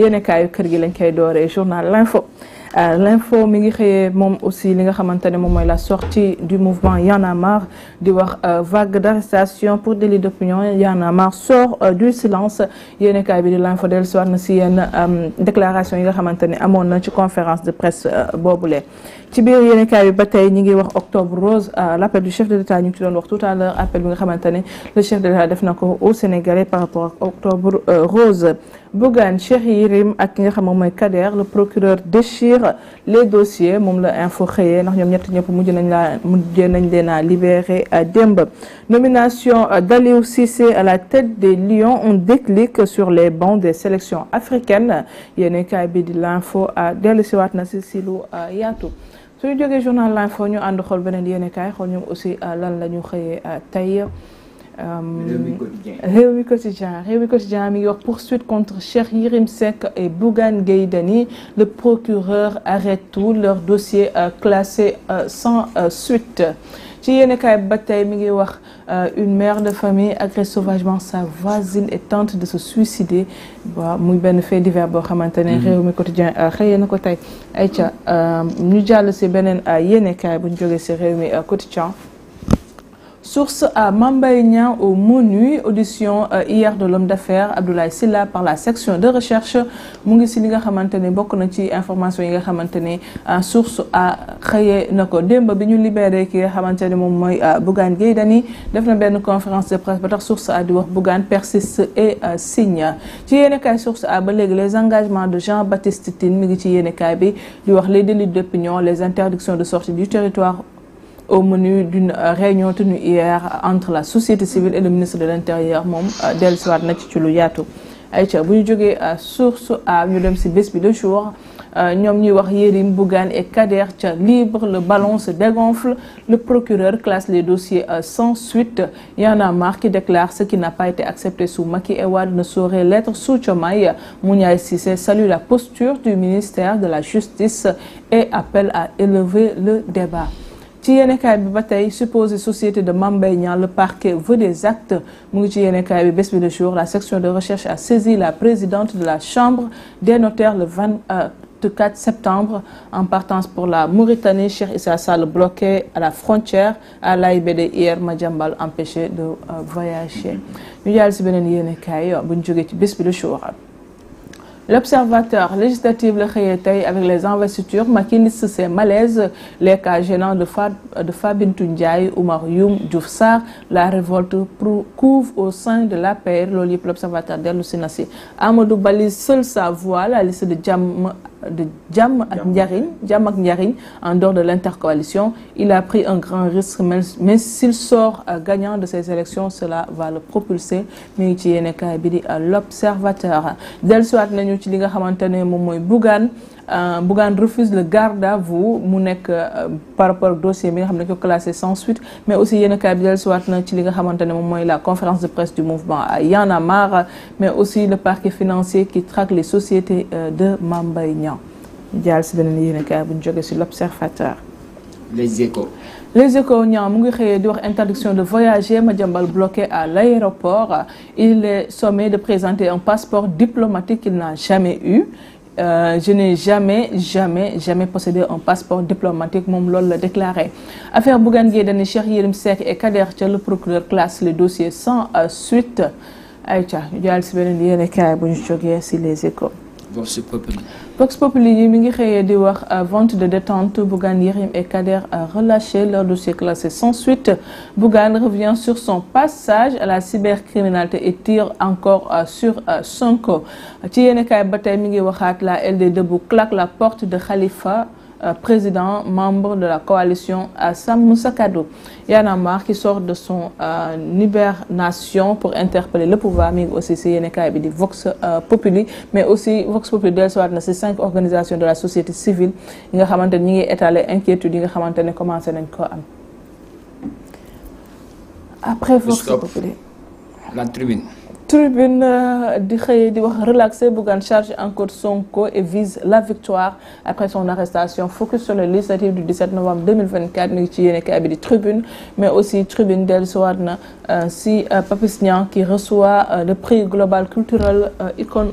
yéenekaayu kër gi lañ koy dooree journal l'info euh, l'info mi ngi xëyee moom aussi li nga xamante ne moom la sortie du mouvement yanamar di wax euh, vague d'arrestation pour délit d'opinion yanamar sort euh, du silence yéenekaay bi di l'info del soir na si yenn déclaration yi nga xamante ne amoon na ci conférence de presse boobule ci biir yéenekaay bi ba tey ñi ngi wax octobre rose l'appel du chef de l'État ñu ci doon wax tout à l'heure appel bi nga xamante le chef de l'État def na au Sénégalais par rapport ak octobre rose Bougan Cheikh Yérim ak ki nga xam moom mooy Kader le procureur déchire les dossiers moom la info xëyee ndax ñoom ñett ñëpp mujj nañ laa mujj nañ leen a libéré euh, démb nomination euh, d'Aliou Cissé à la tête des Lions un déclic sur les bancs des sélections africaines yéen kaay bi di l'info euh, dellusiwaat na si si lu yaatu suñu jógee journal l'info ñu ànd xool beneen yéen kaay xool ñoom aussi lan la ñu xëyee tey réew euh, quotidien réew quotidien mi wax poursuite contre Cheikh Yérim et Bougan Gaydani. le procureur arrête tout leur dossier euh, classé euh, sans suite ci yéen mi ngi wax une mère de famille agresse sauvagement sa voisine et tente de se suicider waaw muy benn fait divers boo xamante ne mhm. réew quotidien xëy na ko tey ñu jàll si beneen yéen kaay bu ñu jógee si quotidien Source à Mambaïnian au MONU, audition euh, hier de l'homme d'affaires Abdoulaye Silla par la section de recherche mu ngi si li nga xamante bokk information euh, source à xëyee Noko, Demba, démb bi ñu libéré ki nga xamante ne moom mooy euh, Bougane conférence de presse ba tax source à di wax Bougane persiste et signe ci yéenekaay source à ba les engagements de Jean-Baptiste Tintin. mi ngi ci les délits d'opinion les interdictions de sortie du territoire au menu d'une réunion tenue hier entre la société civile et le ministre de l'Intérieur Mom euh, dellusiwaat na ci lu euh, source à de jour euh, et Kader libre le ballon se dégonfle le procureur classe les dossiers sans suite Yana en qui déclare ce qui n'a pas été accepté sous Maki Ewad ne saurait l'être sous Chomaï. Mounia Sissé. salue la posture du ministère de la Justice et appelle à élever le débat ci yéenekaay bi ba tey supposé société de mambey le parquet veut des actes mu ngi ci bi bés le jour la section de recherche a saisi la présidente de la chambre des notaires le 24 septembre en partance pour la Mauritanie Cheikh Issa Sall bloqué à la frontière à l'AIBD hier Majambal, empêché de euh, voyager ñu jàll si beneen yéenekaay buñ jógee ci bés bi le jour L'observateur législatif le Khayetay avec les investitures, maquine ses malaises, les cas gênants de, Fab, de ou Marium Djoufsar, la révolte couvre au sein de l'APR, l'OLIP, l'observateur d'El Amadou Bali, seul sa voix, la liste de Djam de Jam ak en dehors de l'intercoalition il a pris un grand risque mais s'il sort euh, gagnant de ces élections cela va le propulser Mais il euh, l'observateur euh, Bougan refuse le garde à vous euh, par rapport au dossier bi nga a classé sans suite mais aussi yenn bi ci la conférence de presse du mouvement à en mais aussi le parquet financier qui traque les sociétés euh, de Mame Mbaye Niang jàll l'observateur les échos les échos ñaam mu eu di interdiction de voyager Madiambal bloqué à l'aéroport il est sommé de présenter un passeport diplomatique qu'il n'a jamais eu euh, je n'ai jamais jamais jamais possédé un passeport diplomatique mon lol la déclaré affaire et Kader le procureur classe le dossier sans euh, suite Vox Populi mi ngi di euh, vente de détente Bougan Yerim et Kader a relâché leur dossier classé sans suite Bougan revient sur son passage à la cybercriminalité et tire encore euh, sur euh, Sonko ci la LD claque la porte de Khalifa euh, président, membre de la coalition il y en un marre qui sort de son euh, hibernation pour interpeller le pouvoir, mais aussi Vox euh, Populi, mais aussi Vox Populi dellusiwaat na cinq organisations de la société civile qui nga xamante ne ñi ngi étaler inquiétude yi nga comment après Vox Populi. la tribune. Tribune euh, di xëy di wax relaxé Bougane charge encore co et vise la victoire après son arrestation focus sur le législatif du 17 novembre 2024 nous Tribune mais aussi Tribune d'El-Souadna, euh, si euh, Papis qui reçoit le prix global culturel icône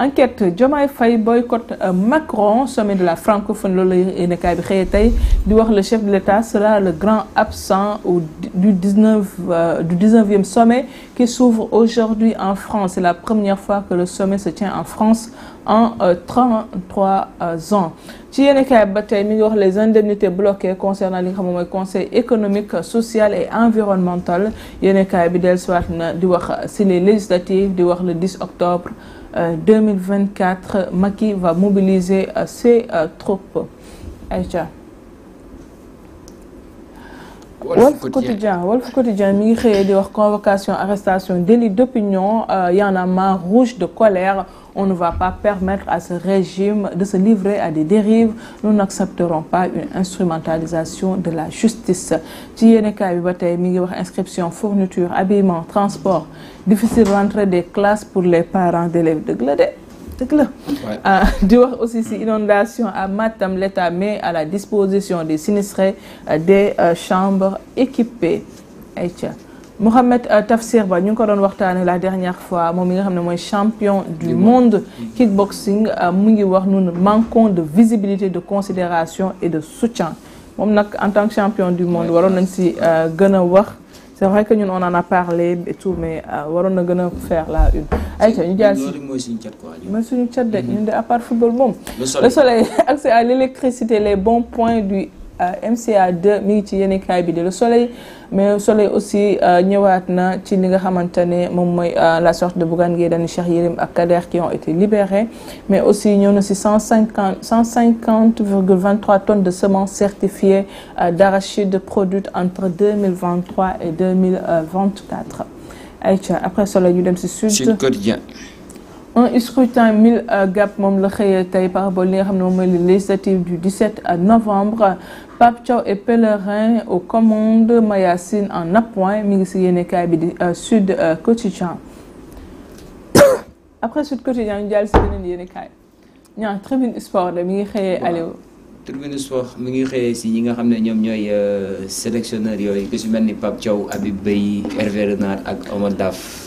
enquête Jomai Faye boycott euh, Macron sommet de la francophone kay bi di wax le chef de l'État sera le grand absent du 19 e euh, sommet qui s'ouvre aujourd'hui en France c'est la première fois que le sommet se tient en France en 33 euh, ans ci yéenekaay kay mi wax les indemnités bloquées concernant le conseil économique social et environnemental kay bi a na di wax ciné les législatives di wax le 10 octobre 2024, euh, Maki va mobiliser euh, ses euh, troupes. Aïcha. Walf Quotidien Walf Quotidien convocation arrestation délit d'opinion y en a marre rouge de colère on ne va pas permettre à ce régime de se livrer à des dérives. Nous n'accepterons pas une instrumentalisation de la justice. ci inscription fourniture habillement transport difficile rentrée des classes pour les parents d'élèves de de Glade. Ah, di aussi si inondation à Matam l'État met à la disposition des sinistrés euh, des euh, chambres équipées tiens. Mohamed euh, Tafsir nous avons vu la dernière fois moom mi nga champion du monde kickboxing euh, Nous manquons de visibilité de considération et de soutien en tant que champion du monde nous avons si euh, c'est vrai que nous en a parlé et tout mais nous na gën faire la une. ayca ñu jaar si suñu mm-hmm. de à part football bon, le soleil accès à l'électricité les bons points du. Euh, MCA 2 mi ngi ci le soleil mais le soleil aussi euh, ñëwaat na ci nga euh, la sorte de Bougane Gueye Dany Cheikh Kader qui ont été libérés mais aussi ñëw na ci tonnes de semences certifiées de produites entre 2023 et 2024. après soleil ñu dem sur... sud un scrutin mille euh, gap mom la tay par parabole li nga xam ne moom mooy du 17 à novembre Pape Thiaw et pèlerin aux commandes Mayacine en appoint mi ngi si yéenekaay bi di euh, Sud euh, Quotidien après Sud Quotidien ñu jàll si beneen yéenekaay ñaa tribune sport de mi ngi xëyee Aliou tribune sport mi ngi xëyee si ñi nga xam ñom ñoy sélectionneur yooyu ku si melni ni Pape Thiaw Habib Beye Hervé Renard ak Omar Daf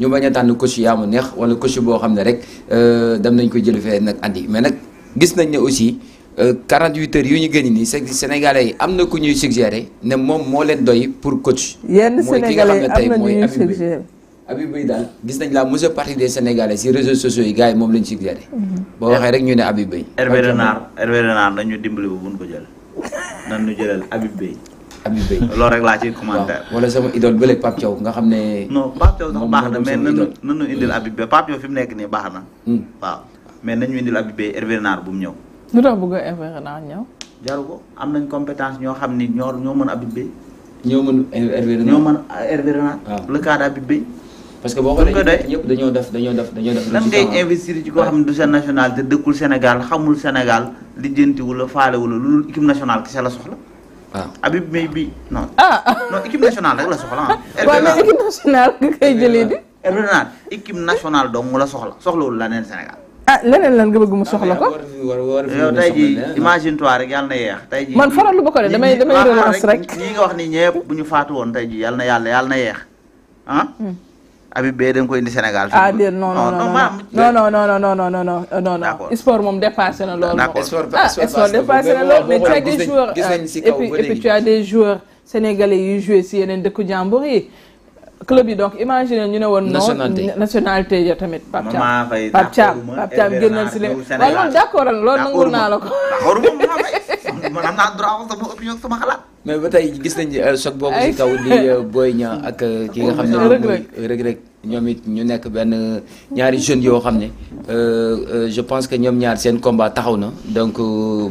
ñu bañ a tànn coach yaa mu neex wala coach boo xam ne rek euh, dem nañ ko jël fee nag andi mais nag gis nañ ne aussi 48 euh, heures yu ñu gën nii Sénégalais yi am na ku ñuy suggéré ne moom moo leen doy pour coach. yenn Sénégalais am na ñuy suggéré Habib Beye daal gis nañ laa majeure partie des Sénégalais si réseaux sociaux yi gars yi moom lañ suggéré. Mm-hmm. boo waxee rek ñu ne Habib Beye. ñu dimbali bu mun ko jël nan ñu jëlal Habib loolu rek laa ci commentaire. wala sama idole bële Pape Thiaw nga xam ne. non Pape Thiaw sax baax na mais nan nan ñu indil Habib Beye Pape Thiaw fi nekk nii baax na. Hmm. waaw mais nañu indil Habib Beye Hervé Renard bu mu ñëw. lu tax bëgg a Hervé Renard ko am nañ compétence ñoo xam ni ñoo ñoo mën Habib Beye. ñoo mën ñoo mën Hervé Renard. waaw le parce que boo xoolee ñëpp dañoo def dañoo def dañoo def. lan ngay investir ci koo xam ne du seen dëkkul Sénégal xamul Sénégal lijjantiwul faale wala lu équipe nationale kese la soxla waaw ah. Habib may bi non. ah non équipe nationale rek la soxla ah. waaw mais équipe nationale nga koy jëlee di. Renard équipe nationale dong la soxla soxlawul la neen Sénégal. ah leneen lan nga bëgg mu soxla ko. Ah, yow tey jii imagine toi rek yàlla na yeex tey jii. man faral lu ba ko de damay damay relance rek. ñi nga wax ni ñëpp bu ñu faatu woon tey jii yàlla na yàlla yàlla na yeex ah? hmm. Habib Beye é ah, não nga ko não, Não, não, não, não, não, não, não, não, não, não. não, não. non non non sport moom dépassé na loolu. d'accord sport dépassé ah, na loolu mais tu as des joueurs euh, et puis et puis tu as des joueurs sénégalais yuy joué si yeneen dëkku jàmbur yi. club yi donc imagine ñu ne woon. nationalité nationalité ya tamit. Pape Thiam Pape Thiam Pape Thiam génnal si leen waaye loolu d'accord loolu nangu naa la ko. d'accord moom maa fay man am naa droit wax sama opinion sama xalaat. mais ba tey gis nañ euh, choc boobu si kaw li euh, booy Niang ak euh, ki nga xam ne mooy Reug ñoom it ñu nekk benn ñaari jeunes yoo xam ne je pense que ñoom ñaar seen combat taxaw na donc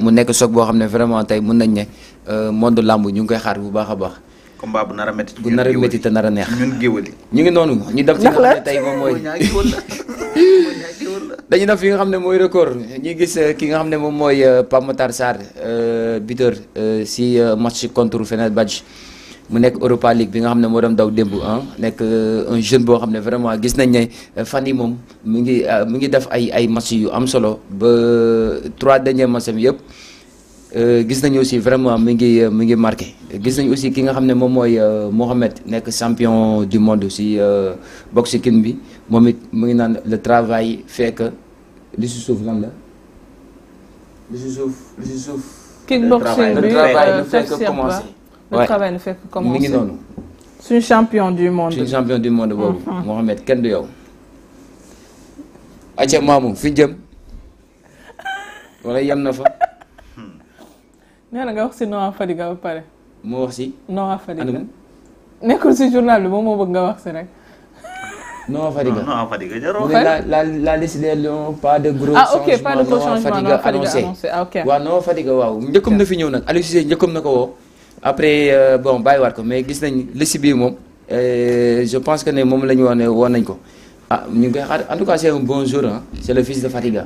mu nekk choc boo xam ne vraiment tey mun nañ ne monde lamb ñu ngi koy xaar bu baax a baax combat bu nar a métti bu nar a métti te nar a neex ñun géwal ñu ngi noonu ñu dab ci tey moom mooy dañu def fi nga xam ne record ñu gis euh, ki nga xam ne moom mooy euh, Pape Matar euh, buteur si match contre badge mu nekk Europa League bi nga xam ne moo doon daw démb ah nekk un jeune boo xam ne vraiment gis nañ ne fan yi mu ngi mu ngi def ay ay match yu am solo ba trois derniers matchs yëpp Euh, gis aussi vraiment mi ngi marqué aussi ki nga euh, Mohamed champion du monde aussi euh, boxe kin bi le travail fait que li si le travail fait que commencer. le travail fait que commencer champion du monde champion du monde mm-hmm. Mohamed kenn du fi nee nga wax si Noah Fadiga ba pare. moo Noah Fadiga nekkul si journal bi bëgg nga wax pas de gros ah, changement Fadiga annoncé ah, Fadiga na fi ñëw après euh, bon mais euh, je pense que ne en tout cas c'est un bon jour hein. c'est le fils de Fatiga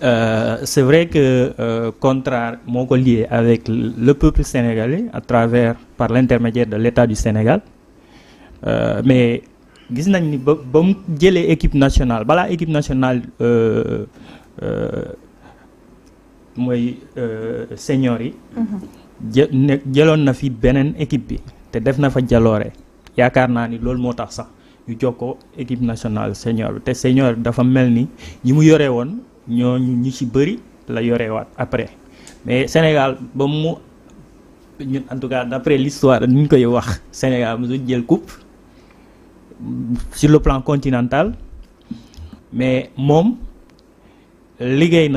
Euh, c'est vrai que euh, contrat lié avec le peuple sénégalais à travers par l'intermédiaire de l'État du Sénégal euh, mais gis nañ ni ba ba mu jëlee équipe nationale balaa équipe nationale euh, euh, mooy senior yi. Mm-hmm. jë ne jëloon na fi beneen équipe bi te def na fa jaloore yaakaar naa ni loolu moo tax sax ñu jokkoo équipe nationale senior bi te senior dafa mel ni ñi mu yore woon ñooñu ñi ci bëri la yorewaat après mais Sénégal ba mu ñun en tout cas d'après l'histoire nous ñu koy wax Sénégal jël coupe sur le plan continental mais moom liggéey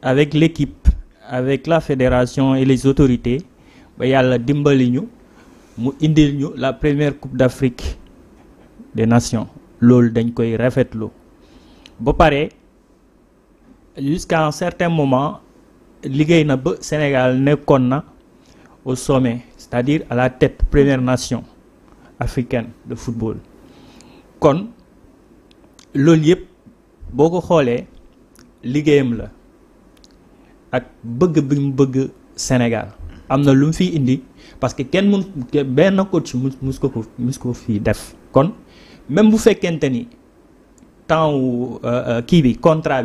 avec l'équipe avec la fédération et les autorités ba yàlla dimbali ñu mu indil ñu la première coupe d'Afrique des nations loolu dañ koy rafetlu ba Après, jusqu'à un certain moment le Sénégal ne au sommet c'est-à-dire à la tête première nation africaine de football kon le yëpp beaucoup ko la ak bëgg Sénégal amna na fi indi parce que kenn mun un coach mus ko ko def kon même bu ou où vit euh, euh, contre contrat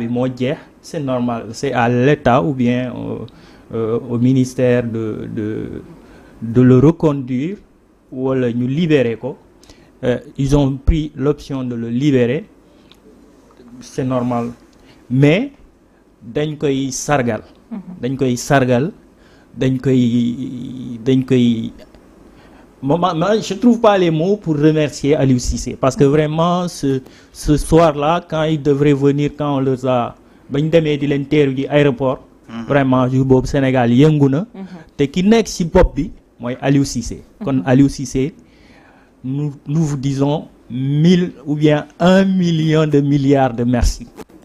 c'est normal c'est à l'État ou bien au euh, ministère de de le reconduire ou wala nous libérer ils ont pris l'option de le libérer c'est normal mais d'un koy sargal mhm. dañ koy sargal dañ koy dañ koy je ne trouve pas les mots pour remercier Aliou Cissé. Parce que vraiment, ce, ce soir-là, quand il devrait venir, quand on les a. bañ demee di l'aéroport, mhm. vraiment, je aéroport. vraiment du au Sénégal Yanguna, mhm. Et qui ki pas, ci bopp bi Aliou Cissé. Mhm. Aliou Cissé nous nous vous disons mille ou bien un million de milliards de merci.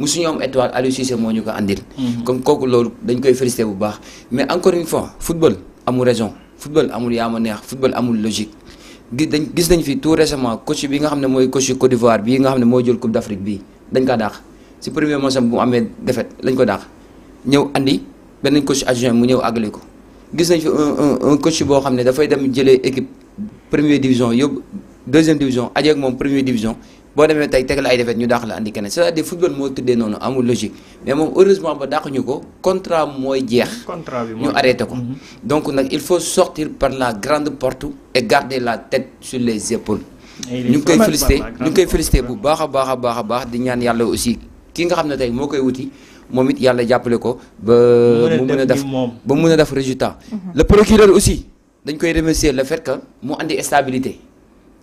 musuñu am étoile Aliou Cissé moo ñu ko andil. Mhm. comme kooku loolu dañ koy félicité bu baax mais encore une fois football amul raison football amul yaa ma neex football amul logique. gis dañ gis nañ fi tout récemment coach bi nga xam ne coach Côte d'Ivoire bii nga xam ne moo jël Coupe d'Afrique bii dañ kaa daax si premier match bu mu amee défaite lañ ko daax ñëw andi benn coach adjoint mu ñëw àggale ko gis nañ fi un un coach boo xam ne dafay dem jëlee équipe première division yóbbu deuxième division ajeeg moom première division boo demee tey teg la ay defet ñu dàq la andi keneen c'est-à-dire football moo tëddee noonu amul logique mais moom heureusement ba dàquñu ko contrat mooy jeex. contrat bi ñu arrêté ko. Mhm. donc nag il faut sortir par la grande porte et garder la tête sur les épaules. ñu ngi koy félicité ñu ngi koy félicité bu baax a baax a baax di ñaan yàlla aussi ki nga xam ne tey moo koy wuti moom it yàlla ko ba. mu meuna def ba mu mën def résultat. Mhm. le procureur aussi dañ koy remercier le fait que mu andi stabilité.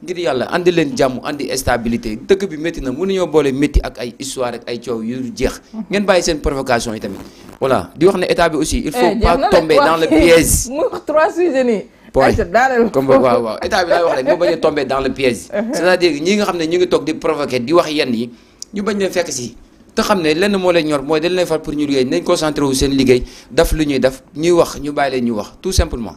ngir yàlla andi leen jàmm andi stabilité dëkk bi métti na mënuñoo boole métti ak ay histoire ak ay coow yu jeex. Mm-hmm. ngeen bàyyi seen provocation yi tamit voilà di wax ne état bi aussi. il faut eh, pas tomber dans le piège. mu a tomber dans le piège. Uh-huh. c'est-à-dire ñi nga xam ne ñu ngi toog di provoquer di wax yenn yi ñu bañ leen fekk si. te xam ne lenn moo leen ñor mooy dañ leen far pour ñu liggéey nañ concentré wu seen liggéey daf lu ñuy def ñuy wax ñu bàyyi leen ñu wax tout simplement.